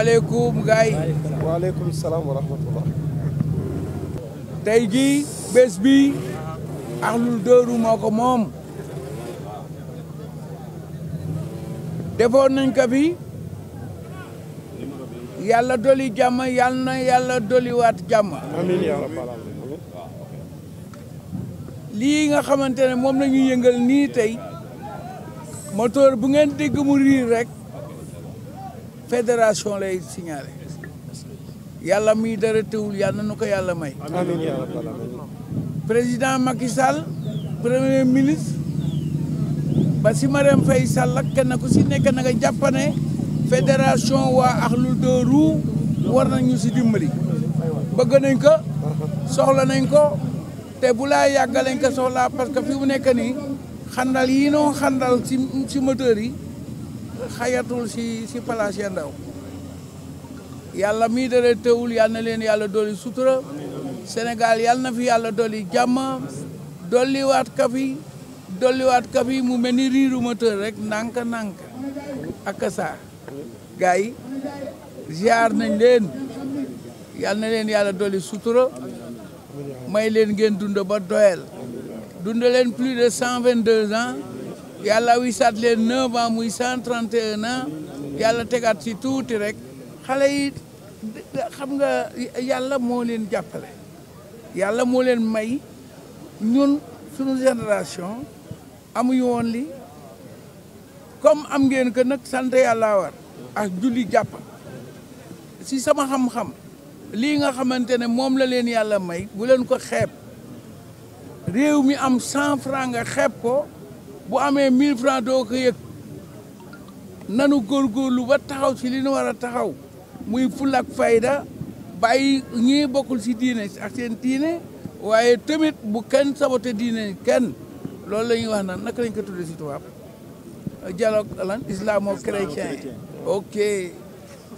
asalaamaaleykum gaay waaleykum salaam wa rahmatullah tey jii bés bi axlul dóoru ko moom defoon nañ ko bi yàlla doli jàmm yàlla yàlla doli waat jàmm lii nga xamante ne moom la ñuy yëngal nii tey moteur bu ngeen dégg mu riir rek fédération lay signalé yàlla muy dara teewul yàlla na ko yàlla may. président Macky Sall premier ministre ba si Marème Faye Sall ak kenn ku si nekk na nga jàpp ne fédération waa axlu deux roues nañu si dimbali. bëgg nañ ko soxla nañ ko te bu laa yàgg lañ ko soxlaa parce que fi mu nekk ni xandal yi noo xandal si si yi. xayatul si si palaas ya ndaw yàlla mii dara teewul yal na leen yàlla dolli sutura Sénégal yal na fi yàlla dolli jàmm dolliwaat ka fi dolliwaat ka fi mu mel ni riiru moteur rek nànk-nànk ak saa gars yi ziar nañ leen yal na leen yàlla dolli sutura may leen ngeen dund ba doyal dund leen plus de ans yàlla wisaat leen 9 ans muy 131 ans yàlla tegaat ci tuuti rek xale yi xam nga yàlla moo leen jàppale yàlla moo leen may ñun suñu génération amuñu yoon li comme am ngeen ko nag sant yàlla war ak julli jàpp si sama xam-xam lii nga xamante ne moom la leen yàlla may bu leen ko xeeb réew mi am cent franc nga xeeb ko bu amee 1000 francs doo ko yëg nanu góorgóorlu ba taxaw ci li nu war a taxaw muy ful fayda bàyyi ñii bokkul si diine ak seen diine waaye tamit bu kenn sabote diine kenn loolu la wax nan naka lañ ko tuddee ci tubaab dialogue lan islamo-chrétien ok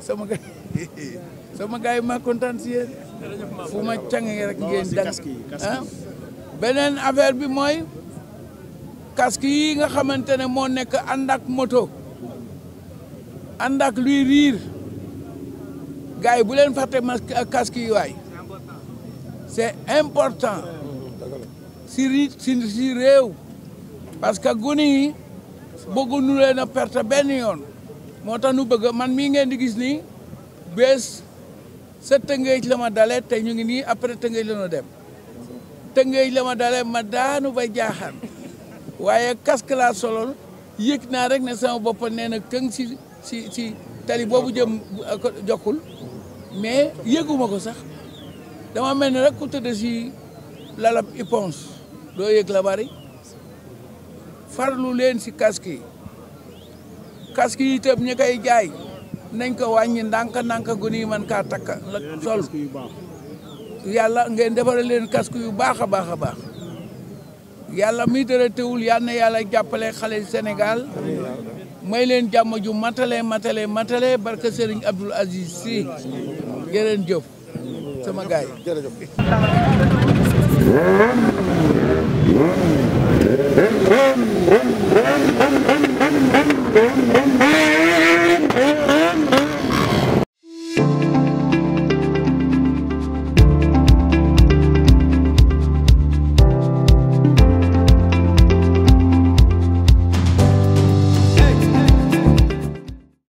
sama gars ma kontaan ci yéen fu ma cangee rek ngeen dang ah? beneen affaire bi mooy casque yi nga xamante ne moo nekk moto andak ak luy riir gars yi bu leen fàtte casque yi waay c'est important si ri si si réew parce que gune yi bëgguñu leen perte benn yoon moo tax bëgg man mii ngeen di gis nii bés sa tëngeej la ma dale te ñu ngi nii après tëngeej la dem tëngeej lama ma dale ma daanu ba jaaxaan waaye casque laa soloon yëg naa rek ne sama bopp nee na këng si si si tali boobu jëm jokkul mais yëguma ko sax dama mel ni rek ku tëdd si lalab éponge doo yëg la bari farlu leen si kaski yi casque yi itam ñi koy jaay nañ ko wàññi ndànk-ndànk guni yi mën kaa takka la sol yàlla ngeen defaral leen casque yu baax a baax a baax yàlla mi dara teewul yal yàlla jàppale xale Sénégal may leen jàmm ju matale matale matale barke Serigne Abdoul Aziz Sy jërën jëf sama